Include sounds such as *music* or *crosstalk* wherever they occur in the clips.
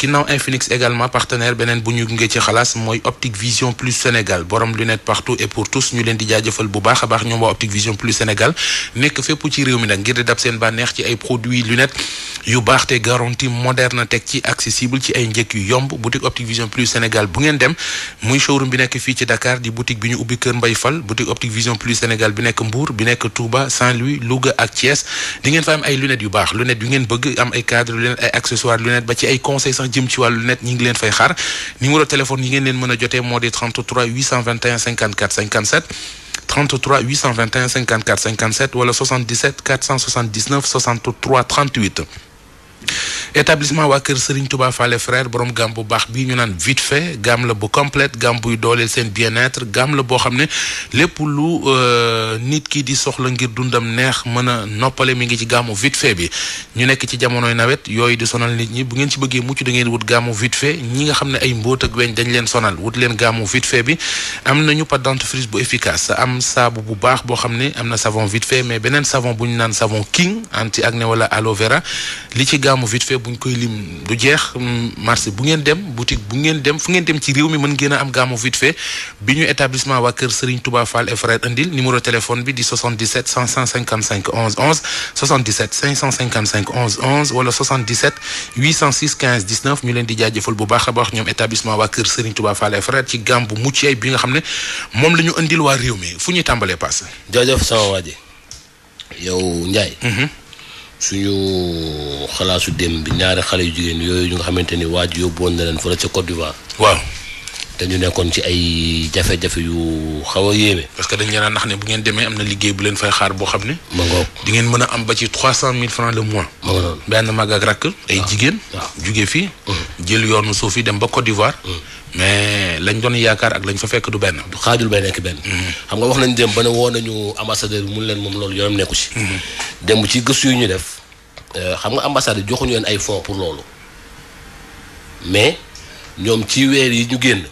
ginnaaw Infinix également partenaire beneen bu ñu gunge ci xalaas mooy Optique Vision Plus Sénégal borom lunette partout et pour tous ñu leen di jaajëfal bu baax a baax ñoom waa Optique Vision Plus Sénégal nekk fépp ci réew mi nag ngir di dab seen bànneex ci ay produits lunettes yu baax te garantie moderne teg ci accessible ci ay njëkk yu yomb boutique Optique Vision Plus Sénégal bu ngeen dem muy showroom bi nekk fii ci Dakar di boutique bi ñu ubbi Kër Mbay Fall boutique Optique Vision Plus Sénégal bi nekk Mbour bi nekk Touba Saint-Louis Louga yu baax lunettes yu ngeen bëgg am ay jim ci wàllu net ñi ngi leen fay xaar numéro téléphone yi ngeen leen mën a jotee moo di 33 821 54 57 33 821 54 57 wala 77 479 63 38 établissement waa kër Serigne Touba Fallé frère borom gam bu baax bii ñu naan vite fait gam la bu complète gam buy dooleel seen bien-être gam la boo xam ne lépp lu euh, nit ki di soxla ngir dundam neex mën a noppale mi ngi ci gàmmu vite fait bi ñu nekk ci jamonoy nawet yooyu di sonal nit ñi bu ngeen ci bëggee mucc da ngeen wut gàmmu vite fait ñi nga xam ne ay mbóot ak weñ dañ leen sonal wut leen gaamu vite fait bi am nañu pâte dentifrice bu efficace am saabu bu baax boo xam ne am na savon vite fait mais beneen savon bu ñu naan savon king anti acné wala aloe vera li ci Limaamu vite fait buñ koy lim mm, bu ngeen dem boutique bu ngeen dem fu ngeen dem ci réew mi mën ngeen a am gàmmu vite fait bi ñu établissement waa kër Serigne Touba Fall et frère Andil numéro téléphone bi di 77 555 11 11 77 555 11 11 wala 77 806 ñu leen di jaajëfal bu baax a baax ñoom établissement waa kër Serigne Touba Fall et frère ci gàmm bu mucc ay bi nga xam ne moom la ñu andil waa réew mi fu ñuy tàmbalee paase. jërëjëf sama waa ji yow Ndiaye. Mm-hmm. suñu xalaasu dem bi ñaari xale yu jigéen yooyu ñu nga xamante ni waaj yóbbuwoon na leen fële ca Côte d'Ivoire. waaw te ñu nekkoon ci ay jafe-jafe yu xaw a yéeme. parce que dañ leen a nax ne bu ngeen demee am na liggéey bu leen fay xaar boo xam ne. ma ngeen mën a am ba ci trois cent mille francs le mois. ma ngoog benn mag ak rakk. ay jigéen. waaw jugee fii. Mm-hmm. jël yoonu soo fi dem ba Côte d'Ivoire. Mm-hmm. mais lañ doon yaakaar ak lañ fa fekk du benn. du xaajul bay nekk benn. Mm-hmm. xam nga wax nañ dem ba ne woo nañu ambassadeur bi mu leen moom loolu yoonam nekku ci. dem ci gëstu yu ñu def euh, xam nga ambassade joxuñu leen ay fonds pour loolu ñoom ci weer yi ñu génn.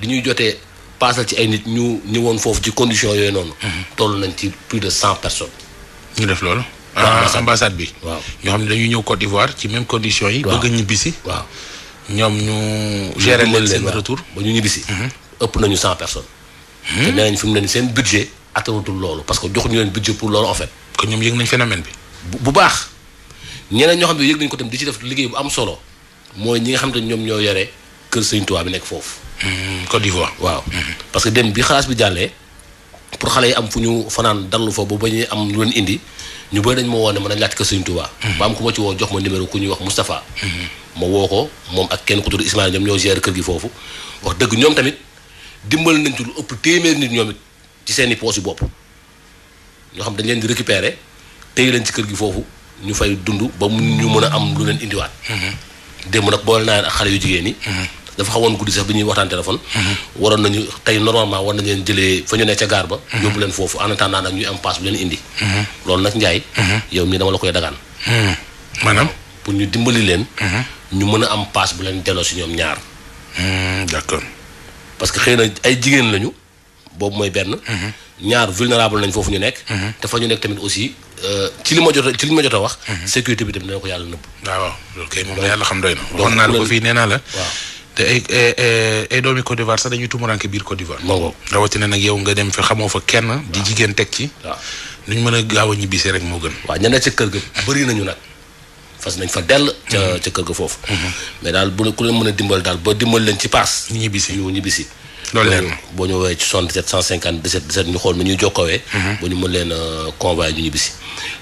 di ñuy jotee paasal ci ay nit ñu ñëwoon foofu ci condition yooyu noonu. toll nañ ci plus de cent personnes. ñu def loolu. Ah, ah, ambassade bi waaw ñoo xam ne dañuy ñëw Côte d'Ivoire ci même condition yi. bëgg a ñibbisi. waaw ñoom ñu. gérer leen seen retour ba ñu ñibbisi. Mhm. ëpp nañu cent personnes. Hmm? te nee nañ fi mu ne nii seen budget attewatul loolu parce que joxuñu leen budget pour loolu en fait. que ñoom yëg nañ phénomène bi. bu baax ñeneen ñoo xam ne yëg nañ ko tam di ci def liggéey bu am solo mooy ñi xam te ñoom ñoo yore. kër sëñ Tuubaa bi nekk foofu. Hmm, Côte d'Ivoire. waaw hmm. parce que dem bi xalaas bi jàllee pour xale yi am fu ñu fanaan dallu fa ba ba ñuy am lu indi ñu bëri dañ ma woo ne ma nañ laaj kër sëñ Tuubaa. Hmm. ba am ku ma ci woo jox ma numéro ku ñuy wax woo ko moom ak kenn ku tudd Ismaïla ñoom ñoo gérer kër gi wax dëgg ñoom tamit dimbal nañ ci lu ëpp téeméeri nit ñoom ci seen i poos yu ñoo xam dañ leen di récupérer téye leen ci kër gi foofu ñu fay dund ba mu ñu mën a am lu leen indiwaat. démb nag boole naa leen ak xale yu jigéen dafa xawoon guddi sax bi ñuy waxtaan téléphone. Mhm. waroon nañu tey normalement war nañu leen jëlee fa ñu ne ca gaar ba. Mhm. yóbbu leen foofu en attendant mhm. maanaam pour ñu dimbali leen. ñu mën a am paas bu leen delloo si ñoom ñaar. d'accord. parce que xëy na ay jigéen lañu boobu mooy benn. ñaar vulnérable nañ foofu ñu nekk. te fa ñu nekk tamit aussi euh, ci li ma jot ci li ma a wax. sécurité bi tamit dina ko yàlla nëbb. Ah waaw loolu kay moom la yàlla xam doy na. la ko waaw te ay ay doomi Côte d'Ivoire sax dañuy tumuranke biir Côte d'Ivoire. waaw rawatina nag yow nga dem fi xamoo fa kenn. di jigéen teg ci. waaw nuñ mën a gaaw a ñibbisee rek moo gën. waaw ñeneen ca kër ga bëri nañu nag fas nañ fa dell. ca mm-hmm. ca kër ga foofu. Mm-hmm. mais daal bu ku leen mën a dimbal daal ba dimbal leen ci paas. ñu ñibbisi ñu ñibbisi. loolu leen boo ñu ci 77 150 17 17 ñu xool nu ñuy jokkowee. Mm-hmm. ba ñu mën leen a euh, convoyer ñu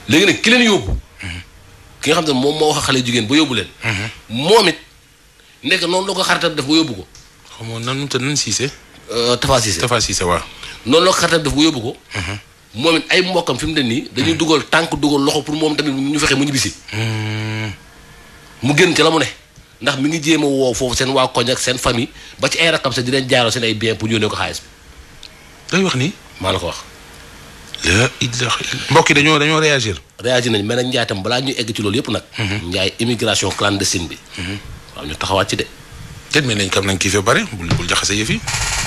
léegi nag ki leen yóbbu. ki nga xam ne moom moo wax xale jigéen ba yóbbu leen. moom it ndekk noonu la ko xaritam def ba ko. xamoo nanu nan Cissé. Euh, Tafa Cissé Tafa Cissé waaw. noonu la ko xaritam def ba yóbbu ko. Mhm. moom it ay mbokkam fi mu ne nii. dañuy mhm. dugal tànk dugal loxo pour moom tamit ñu fexe mu ñibbisi. Mhm. mu génn ci la mu ne. ndax mi ngi jéem a woo foofu seen waa koñ ak seen famille ba ci ay rakam sax dinañ jaaro seen ay bien pour yónnee ko xaalis bi. day wax nii. maa la ko wax. la ilaha mbokk yi dañoo dañoo réagir. réagir nañ mais nag Ndiaye balaa ñuy egg ci loolu yëpp nag. Ndiaye immigration clandestine bi. waaw ñu taxawaat ci de. kenn mel nañ kam nañ kii fi ba pare bul bul jaxase yëf yi.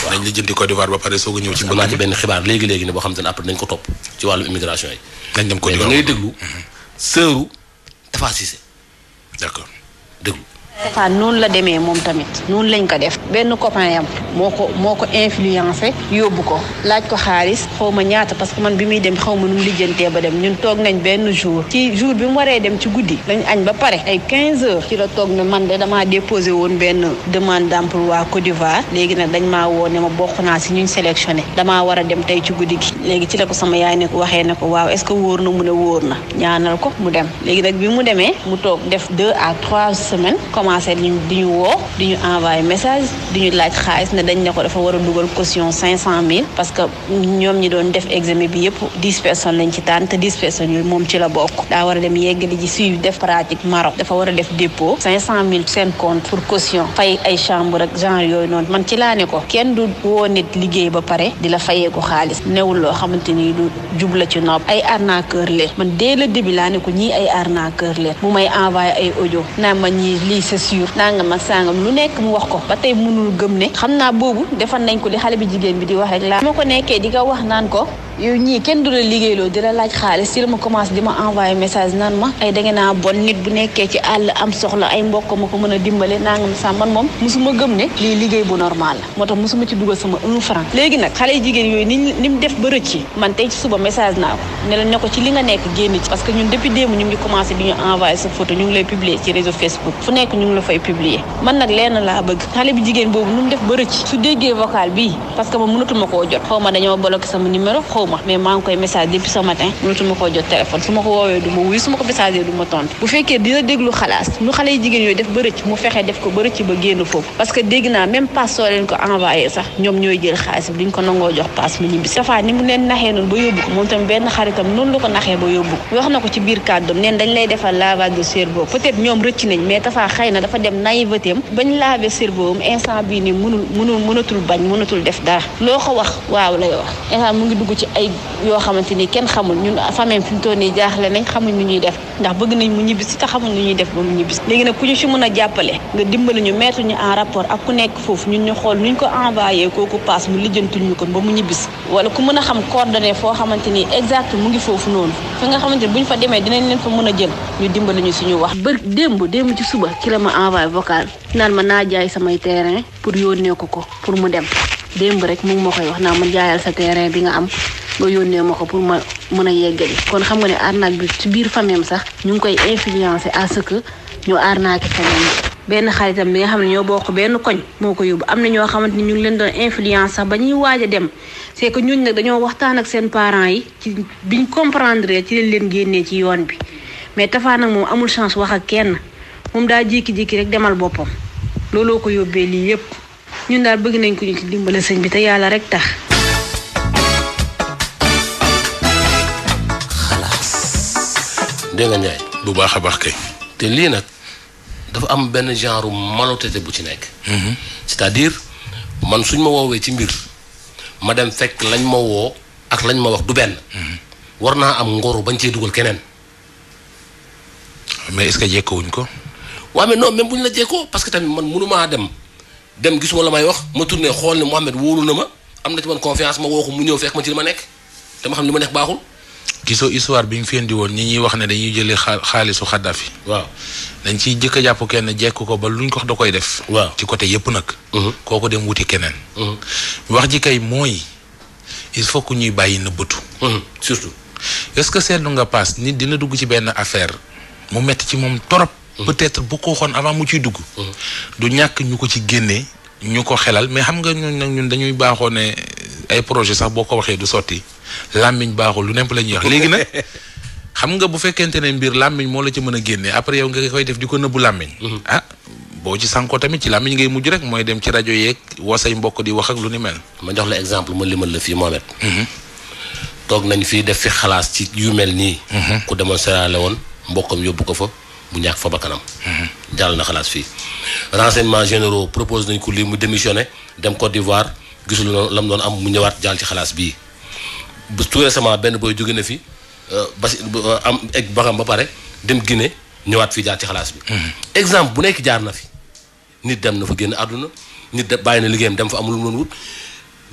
nañ la jëndi Côte d'Ivoire ba pare soog a ñëw ci. mbëgg ci benn xibaar léegi léegi ne boo xam te ne après nañ ko topp ci wàllu immigration yi. nañ dem Côte d'Ivoire mais da ngay déglu. Mhm. sëru Tafa Cissé. d'accord déglu. Fapal noonu la demee moom tamit noonu lañ ko def benn copain yam moo ko moo ko influencé yóbbu ko laaj ko xaalis xaw ma ñaata parce que man bi muy dem xaw ma nu mu lijjantee ba dem ñun toog nañ benn jour ci jour bi mu waree dem ci guddi lañ añ ba pare ay 15 heures ci la toog ne man de damaa déposé woon benn demande waa Côte d'Ivoire léegi nag dañ maa woo ne ma bokk naa si ñuñ sélectionné dama war a dem tey ci guddi gi léegi ci la ko sama yaay ne ko waxee ne ko waaw ce que wóor na mu ne wóor na ñaanal ko mu dem léegi nag bi mu demee mu toog def deux à commencé di ñu di woo di ñu envoyé message di ñu laaj xaalis ne dañ ne ko dafa war a dugal caution cinq cent mille parce que ñoom ñi doon def examen bi yëpp dix personnes lañ ci tànn te dix personnes moom ci la bokk daa war a dem yeggali ji suivi def pratique Maroc dafa war a def dépôt cinq cent mille seen compte pour caution fay ay chambre ak genre yooyu noonu man ci laa ne ko kenn du woo nit liggéey ba pare di la fayee ko xaalis newul loo xamante ni du jubla ci nopp ay arnaqueur leen man dès le début laa ne sûr nangam ak sangam lu nekk mu wax ko ba tey mënul gëm ne xam naa boobu defal nañ ko li xale bi jigéen bi di wax rek laa ma ko nekkee di ko wax naan ko yooyu ñii kenn du la liggéeyloo di la laaj xaalis si la ma commencé di ma envoyé message naan ma ay da ngeen a bon nit bu nekkee ci àll am soxla ay mbokk ma ko mën a dimbale nangam sa man moom mosuma gëm ne lii liggéey bu normal la moo tax mosuma ci dugal sama un franc léegi nag xale jigéen yooyu ni ni mu def ba rëcc man tey ci suba message naa ko ne la ne ko ci li nga nekk génn ci parce que ñun depuis démb ñu ngi commencé di ñu envoyé lay publier ci réseau Facebook fu nekk la fay publier man nag lenn laa bëgg xale bi jigéen boobu nu mu def ma mënatuma koo jot xaw ma dañoo xaw ma mais maa ngi koy message depuis ce matin mënatuma koo jot téléphone su ma ko woowee du ma su ma ko message du tontu bu fekkee dina déglu xalaas lu xale yi jigéen yooyu def ba rëcc mu fexe def ko ba rëcc ba génn foofu parce que dégg naa même passe soo leen ko envoyé sax ñoom ñooy jël xaalis bi duñ ko nangoo jox passe mu ñibbi safaa ni mu leen naxee noonu ba yóbbu ko moom tam benn xaritam noonu la ko naxee ba yóbbu ko wax na ko ci biir kàddoom ay yoo xamante ni kenn xamul ñun famille fi mu toll nii jaaxle nañ xamuñ nu ñuy def ndax bëgg nañ mu ñibbisi te xamuñ nu ñuy def ba mu ñibbisi léegi nag ku ñu ci mën a jàppale nga dimbali ñu mettre ñu en rapport ak ku nekk foofu ñun ñu xool nuñ ko envoyé kooku paas mu lijjantul ñu ba mu ñibbisi wala ku mën a xam coordonné foo xamante ni exact mu ngi foofu noonu nga xamante ni buñ fa demee dinañ leen fa mën a jël ñu dimbali ñu suñu wax bër démb démb ci suba ci la ma envoyé vocal naan ma naa jaay samay terrain pour yónnee ko ko mu dem démb rek mu ngi koy wax naa ma jaayal sa terrain bi nga am nga yónnee ma ko pour ma mën a yeggali kon xam nga ne arnaque bi ci biir famille am sax ñu ngi koy influencer à ce que ñu arnaque famille benn xaritam bi nga xam ne ñoo bokk benn koñ moo ko yóbbu am na ñoo xamante ni ñu ngi leen doon influence sax ba ñuy waaj a dem c'est que ñooñu nag dañoo waxtaan ak seen parent yi ci ñu comprendre ci leen leen génnee ci yoon bi mais Tapha nag moom amul chance wax ak kenn moom daa jékki-jékki rek demal boppam looloo ko yóbbee lii yépp ñun daal bëgg nañ ko ñu dimbale sëñ bi te yàlla rek tax. dégg nga Ndiaye. bu baax a baax kay. te lii nag dafa am benn genre malhonnêteté bu ci nekk. Mhm. c'est-à-dire man suñ ma woowee ci mbir ma dem fekk lañ ma woo ak lañ ma wax du benn. Mhm. war naa am ngoro bañ cee dugal keneen. mais est-ce jekkowuñ ko. waaw mais non même bu ñu la jekkoo parce que tamit man mënumaa dem dem gisuma la may wax ma tourné xool ne Mouhamed wóolu na ma am na ci man confiance ma woo mu ñëw fekk ma ci li ma nekk te ma xam li ma nekk baaxul. gisoo histoire bi ñu fi indi woon ñi ñuy wax ne dañuy jëlee xaalisu Xaddafi waaw dañ ciy jëkk a jàpp kenn jekk ko ba lu luñ ko wax da koy def. waaw ci côté yépp nag. Mhm. kooko dem wuti keneen. Mhm. wax ji kay mooy il faut que ñuy bàyyi nëbbatu. Mhm. surtout est-ce que seetlu nga paas nit dina dugg ci benn affaire mu metti ci moom torop. peut-être bu ko waxoon avant mu ciy dugg. du ñàkk ñu ko ci génnee. ñu ko xelal mais xam nga ñun nag ñun dañuy baaxoo ne ay projet sax boo ko waxee du sotti làmmiñ baaxul lu nepp la ñuy wax léegi nag xam nga bu fekkente ne mbir làmmiñ moo la ci mën a génne après yow nga koy def di ko nëbbu làmmiñ mhm. ah boo ci sànkoo tamit ci làmmiñ ngay mujj rek mooy dem ci rajo yeeg wasay mbokk di wax ak lu ni mel. ma jox la exemple ma limal la fii Mohamed. Mhm. toog nañ fi def fi xalaas ci yu mel nii. Mhm. ku demoon seraale woon mbokkam yóbbu ko fa. mu ñàkk fa bakkanam mhm. jàll na xalaas fii renseignements généraux propose nañ ko lii mu démissionné dem Côte d'Ivoire gisul la mu doon am mu ñëwaat jàll ci xalaas bii tout récemment benn booy jóge na fi euh, basi euh, am egg baxam ba pare dem Guinée ñëwaat fii jaar ci xalaas bi mhm. exemple bu nekk jaar na fi nit dem na fa génn àdduna nit da bàyyi na liggéeyam dem fa amul woon wut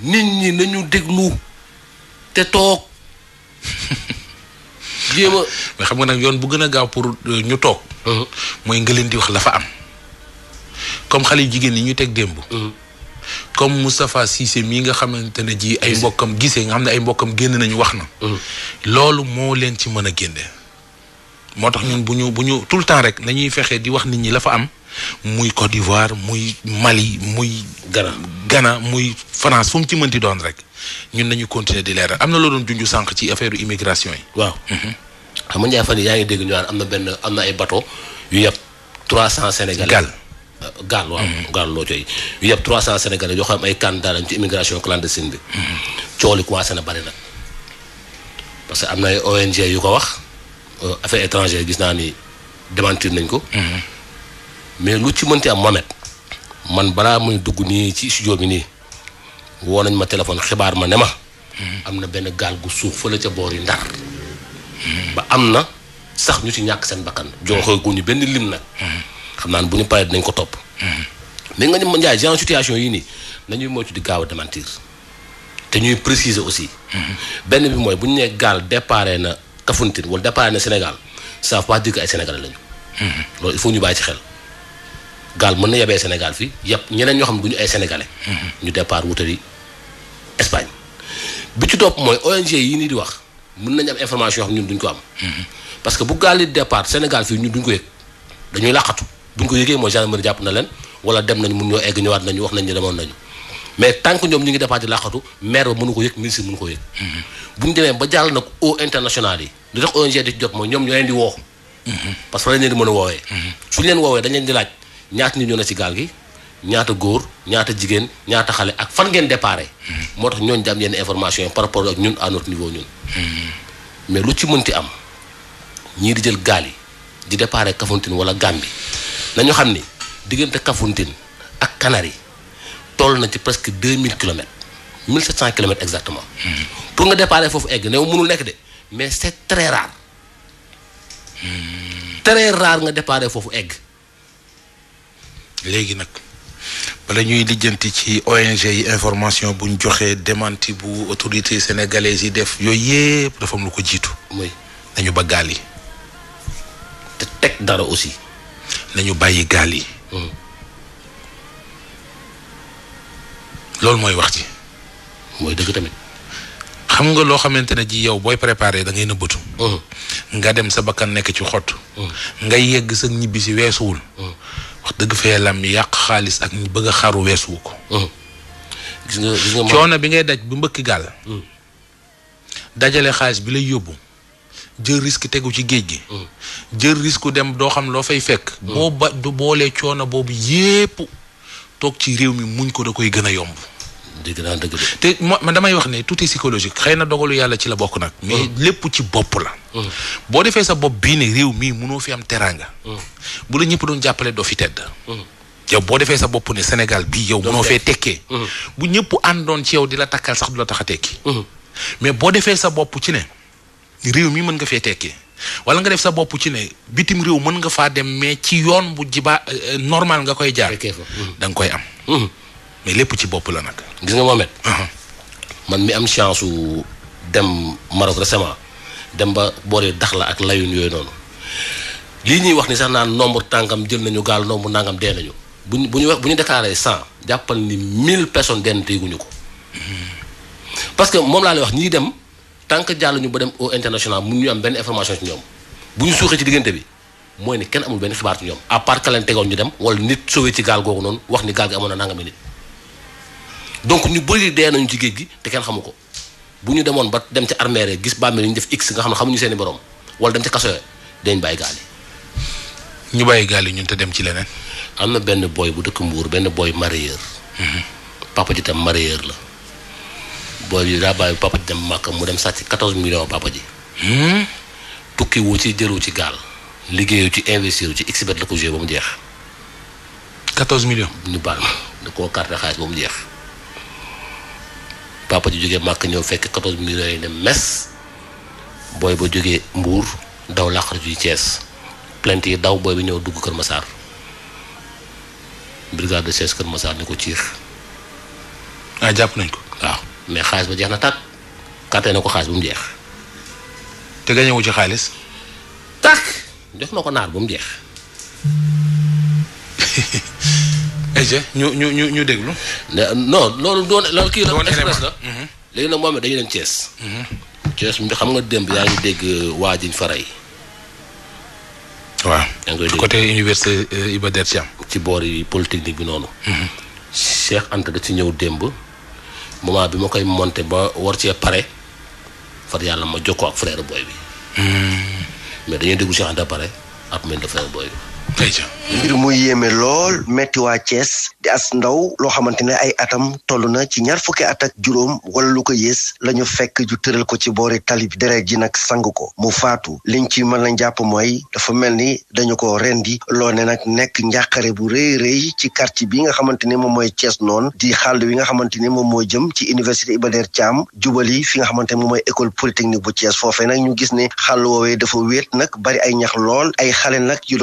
nit ñi nañu déglu te toog *laughs* jéem a mais xam nga nag yoon bu gën a gaaw pour euh, ñu toog. mooy nga leen di wax la fa am. comme xale jigéen yi ñu teg démb. comme Moustapha Cissé mii nga xamante ne ji ay mbokkam gisee nga xam ne ay mbokkam génn nañu wax na. loolu moo leen ci mën a génne. moo tax ñun bu ñu bu ñu tout le temps rek nañuy fexee di wax nit ñi la fa am. muy Côte d'Ivoire muy Mali muy. Ghana Ghana muy France fu mu ci mënti doon rek ñun nañu continuer di leeral am na loo doon junj sànq ci affaire immigration yi. waaw. Mhm. xam nga fan yii yaa ngi dégg ñu naan am na benn am na ay bateau yu yab trois cent sénégalais. gaal euh, gaal waaw. Mhm. loo cooy yu yab trois cent sénégalais yoo xam ay candidat lañ ci immigration clandestine bi. Mhm. coow li commencé na bari nag parce que am na ay ONG yu ko wax euh, affaire étrangère gis naa ni démentir nañ ko. mais lu ci mënti am Mohamed man balaa muy dugg nii ci studio bi nii woo nañ ma téléphone xibaar ma ne ma. Hmm. am na benn gaal gu suuf fële ca boor yi ndar. Hmm. ba am na sax ñu ci ñàkk seen bakkan. Hmm. joxe gu ñu benn lim nag. xam naa bu ñu paree dinañ ko topp. mais nga ne ma Ndiaye genre situation yi nii nañuy moytu di gaaw a démentir te ñuy préciser aussi. benn bi mooy bu ñu nee gaal déparé na Kafountine wala déparé na Sénégal ça veut pas dire ay Sénégalais lañu. loolu il ñu bàyyi ci xel. gaal mën na yebee Sénégal fii yëpp ñeneen ñoo xam ne du ñu ay sénégalais. Mhm. ñu départ wutali Espagne. bi ci topp mooy ONG yi nii di wax mën nañu am information yoo xam ñun duñ ko am. Mhm. parce que bu gaal di départ Sénégal fii ñun duñ ko yëg dañuy làqatu buñ ko yëgee mooy gendarmerie jàpp na leen wala dem nañ mun ñoo egg ñëwaat nañu wax nañ ñu demoon nañu. mais tant que ñoom ñu ngi départ di làqatu maire ba mënu ko mhm. ONG di jot mooy ñoom ñoo leen di woo. parce que fa leen di mën a woowee. suñ leen woowee dañ leen di laaj ñaata nit ñoo na ci gaal gi ñaata góor ñaata jigéen ñaata xale ak fan ngeen déparé. Mm-hmm. moo tax ñooñu di am yenn information par rapport ak ñun à notre niveau ñun. Mm-hmm. mais lu ci mënti am ñii di jël gaal yi di déparé Kafountine wala Gambie nañu xam ni diggante Kafountine ak Canaries toll na ci presque deux mille kilomètres mille sept cent kilomètres exactement. Mm-hmm. pour nga déparé foofu egg new mënul nekk de mais c'est très rare. très rare nga déparé foofu egg. léegi nag bala ñuy lijjanti ci ONG yi information bu ñu joxee démenti bu autorité sénégalaise yi def yooyu yëpp dafa am lu ko jiitu. mooy nañu ba gaal yi. teg dara aussi. nañu bàyyi gaal yi. Hmm. loolu mooy wax ci mooy dëgg tamit. xam nga loo xamante ne ji yow booy préparer da ngay nëbbatu. Hmm. nga dem sa bakkan nekk ci xott. Hmm. nga yegg sa ñibbisi weesuwul. wax dëgg fa yàlla mi yàq xaalis ak ñu bëgg a xaru weesu ko. gis nga coono bi ngay daj bu mbëkk gàll. dajale xaalis bi lay yóbbu. jël risque tegu ci géej gi. jël risque dem doo xam loo fay fekk. boo ba du boolee coono boobu yépp toog ci réew mi muñ ko da koy gën a yomb. dëgg naa dëgg te man damay wax ne tout est psychologique xëy na dogalu yàlla ci la bokk nag. mais mm. lépp ci bopp la. Mm. boo defee sa bopp bii ne réew mii mënoo fi am teraanga. Mm. bu la ñëpp doon jàppale doo fi tedd. yow boo defee sa bopp ne Sénégal bii yow. mënoo fee tekkee. bu ñëpp àndoon ci yow di la takkal sax du la tax a tekki. mais boo defee sa bopp ci ne réew mi mën nga fee tekkee. wala nga def sa bopp ci ne bitim réew mën nga faa dem mais ci yoon bu jibaa euh, normal nga koy jaar. da nga koy am. mais lépp ci bopp la nag. gis nga Mohamed. man mi am chance su dem Maroc récemment dem ba booree dax la ak layun yooyu noonu lii ñuy wax ni sax naan nombre tàngam jël nañu gaal nombre nangam dee nañu bu ñu bu ñu wax bu ñu déclaré cent jàppal ni mille personnes denn teguñu ko hmm. parce que moom laa lay wax ñii dem tant que jàll ñu ba dem au international mun ñu am benn information ci ñoom bu ñu suuxee ci diggante bi. mooy ne kenn amul benn xibaar ci ñoom à part que leen tegoon ñu dem wala nit ni donc ñu bëri dee nañu ci géej gi te kenn xamu ko bu ñu demoon ba dem ci armeere gis bàmmeel lañu def x nga xam ne xamuñu seeni borom wala dem ci kaso dañ bàyyi ñu bàyyi gaal yi ñun te dem ci leneen. am na benn booy bu dëkk mbuur benn boy mareyeur. Mhm. papa ji tam mareyeur la. boy bi daa bàyyi papa ji dem Màkka mu dem sàcc 14 millions papa ji. Hmm? tukki wu ci jëlu ci gaal. liggéeyu ci investir ci xbet la ko joué ba mu jeex. 14 millions. ñu baal ma da koo carte xaalis jeex. papa ji jógee màkk ñëw fekk 14 millions yi ne mes booy ba jóge mbuur daw làqar juy Thiès plainte yi daw booy bi ñëw dugg Kër Massar brigade de Thiès Kër Massar ni ko ciir ah jàpp nañ ko waaw mais xaalis ba jeex na takk kàttee na ko xaalis bu mu jeex te gañewu ci xaalis tàkk jox na ko naar ba mu jeex *laughs* ayca ñu ñu ñu ñu déglu. non loolu doon loolu kii la express la. Mhm. léegi nag moom dañuy dem Thiès. Mhm. Thiès xam nga démb yaa ngi dégg euh, waa jiñ faray. waaw yaa ngi koy côté université euh, Iba ci boor polytechnique bi noonu. Mhm. Cheikh Anta da ci ñëw démb moment bi ma koy monté ba war cee pare far yàlla ma jokkoo ak frère booy bi. mais dañuy déglu Cheikh Anta pare ak mel ne frère booy bi. mbir mu yéeme lool metti waa Thiès di as ndaw loo xamante ne ay atam toll na ci ñaar fukki at ak juróom wala lu ko yées lañu fekk ju tëral ko ci boori tali bi deret ji nag sang ko mu faatu liñ ci mën a jàpp mooy dafa mel ni dañu ko rendi loo ne nag nekk njàqare bu rëy rëy ci quartier bi nga xamante ne moom mooy cees noonu di xàll wi nga xamante ne moom moo jëm ci université Iba Der Thiam jubali fi nga xamante ne moom mooy école polytechnique bu Thiès foofee nag ñu gis ne xàll woowee dafa wéet nag bari ay ñax ay xale nag yu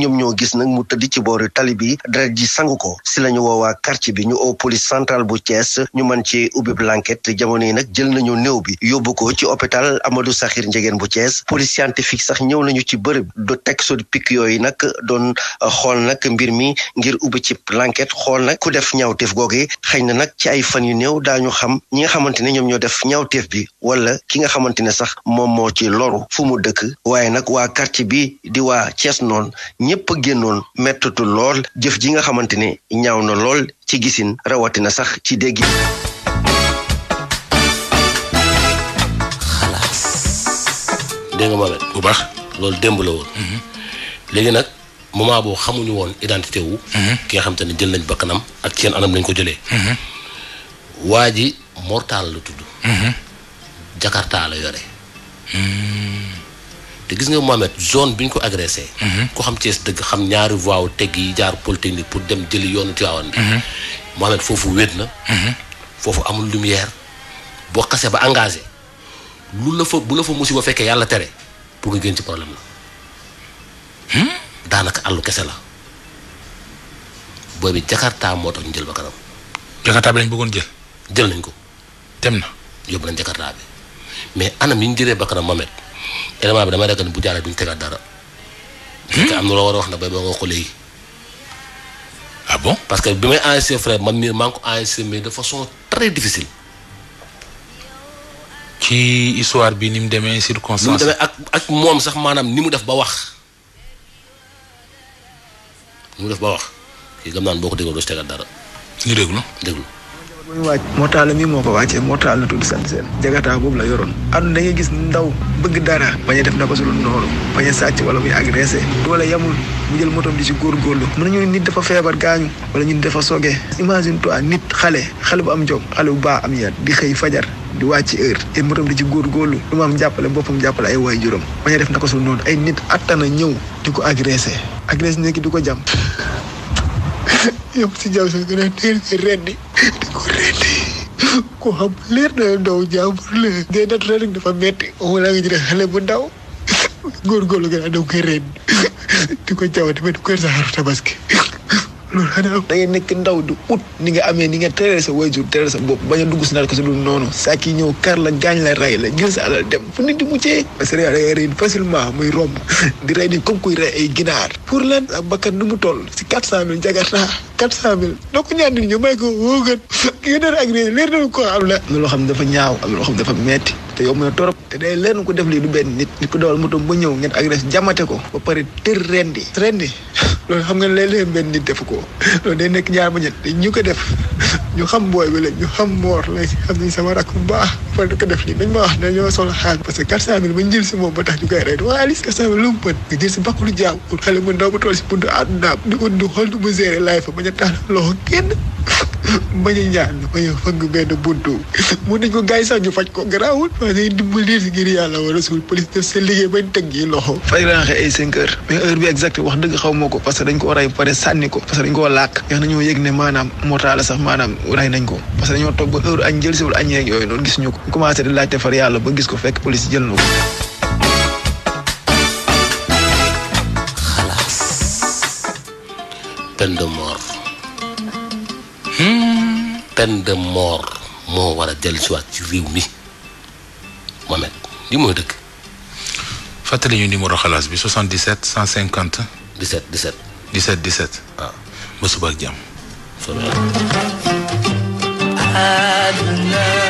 ñoom ñoo gis nag mu tëdd ci booru tali bi dara ji sangu ko si la ñu woowaa quartier bi ñu oo police centrale bu Thiès ñu mën ci ubbi blanquette jamono yi nag jël nañu néew bi yóbbu ko ci hôpital Amadou saxir njegeen bu cees police scientifique sax ñëw nañu ci bërëb do teg sodi pik yooyu nag doon euh, xool nag mbir mi ngir ubbi ci blanquette xool nag ku def ñaawteef googe xëy na nag ci ay fan yu néew daa daañu xam ñi nga xamante ne ñoom ñoo def ñaawteef bi wala ki nga xamante ne sax moom moo ci loru fu mu dëkk waaye nag waa quartier a génnoon mettitu lool jëf ji nga xamante ni ñaaw na lool ci gisin rawatina sax ci déggi dégg nga ma bu baax loolu démb la woon mhm. léegi nag moment boo xamuñu woon identité wu mhm. ki nga xamante ni jël nañ bakkanam ak seen anam lañ ko jëlee mhm. waa ji mortal la tudd jakarta la yore te gis nga Mohamed zone bi ñu ko agressé. Mhm. ku xam Thiès dëgg xam ñaari voie teg yi jaar polytechnique pour dem jëli yoonu Tivaouane bi. Mhm. Mohamed foofu wéet na. Mhm. foofu amul lumière boo xasee ba engagé lu la fa bu la fa musiba fekkee yàlla tere pour nga génn ci problème la. Hmm? daanaka àllu kese la. booy bi Jakarta moo tax ñu jël ba kanam. Jakarta bi lañ bëggoon jël. jël nañ ko. dem na yóbbu nañ Jakarta bi mais anam yi ñu jëlee ba kanam Mohamed. élément bi damay ragal ni bu jaaree duñ tegaat dara. te am na loo war a wax na ba boo nga ko léegi. Ah bon parce que bi may enregistré frère man mii maa ngi ko enregistré mais de façon très difficile. ci histoire bi ni mu demee circonstance. ni mu ak ak moom sax maanaam ni mu def ba wax. ni mu def ba wax kii gam naan boo ko dégloo doo ci tegaat dara. ñu déglu déglu. muy wàcc Mortalla mii moo ko wàccee Mortalla tudd sant seen jagataa boobu la yoroon aduna da ngay gis ndaw bëgg dara bañ a def na ko sulul noonu bañ a sàcc wala muy agressé wala yamul mu jël motom di ci góorgóorlu mën am jom di xëy fajar di wàcc heure et motom ci góorgóorlu lu ma am jàppale boppam jàppale ay waay juróom bañ a def na ko sulul noonu ay nit attana ñëw di ko agressé agressé nekk di ko jam *laughs* yëpp si jaw sa gën a teel si reddi arrêté xam leer na ndaw jàmbur la day naturel rek dafa metti wala nga jël xale bu ndaw góorgóorlu gën a daw koy reen di ko jawati ba di koy saxaru tabaski loolu xanaa da ngay nekk ndaw di ut ni nga amee ni nga teral sa wayjur teral sa bopp bañ a dugg si narko si dul noonu saa kii ñëw kar la gaañ la rey la jël sa alal dem fu nit di muccee parce que da facilement muy romb *laughs* di rey ni comme ay ginaar pour lan ak bakkan nu mu toll si quatre cent mille jagartaa quatre cent mille doo ko nit ñu may ko woo *laughs* gën ki nga doon ak réer ko am la loo xam ne dafa ñaaw am loo xam dafa metti te yow mën a torop te day leen ko def lii du benn nit nit ko dawal toom ba ñëw ngeen agresse jamate ko ba pare tër rendi rendi loolu xam nga léeg-léeg benn nit def ko loolu day nekk ñaar ba ñett ñu ko def *laughs* ñu xam booy bi lañ ñu xam moor lañ xam nañ sama rakk bu baax fa ko def lii dañ ma wax ne ñoo soxla xaalis parce que quatre cent mille ba ñu jël si moom ba tax ñu koy rey xaalis quatre cent mille lu mu mën nga jël si bakku lu jaaw pour xale mu ndaw ba toll si buntu àdduna di ut du xool du mu gérer laay fa bañ a taal loxo kenn *laughs* bañ a ñaan bañ a fëgg benn buntu mun nañ ko gaay sax ñu faj ko garaawul parce que dimbali si ngir yàlla wa rasul police def seen liggéey bañ teg yi loxo fay ranxe ay cinq heures mais heure bi exact wax dëgg xaw moo ko parce que dañ ko rey pare sànni ko parce que dañ koo làkk yax nañoo yëg ne maanaam moo taala sax maanaam ray nañ ko parce que dañoo toog ba heure añ jël siwul añ yooyu noonu gis ñu ko commencé di laajte far yàlla ba gis ko fekk police jël na ko xalaas peine de mort hmm. peine de mort moo war a dellusiwaat ci réew mi Mohamed li mooy dëkk fàttali ñu numéro xalaas bi 77 150 17 17 17 17 waaw ba suba jàmm أحدنا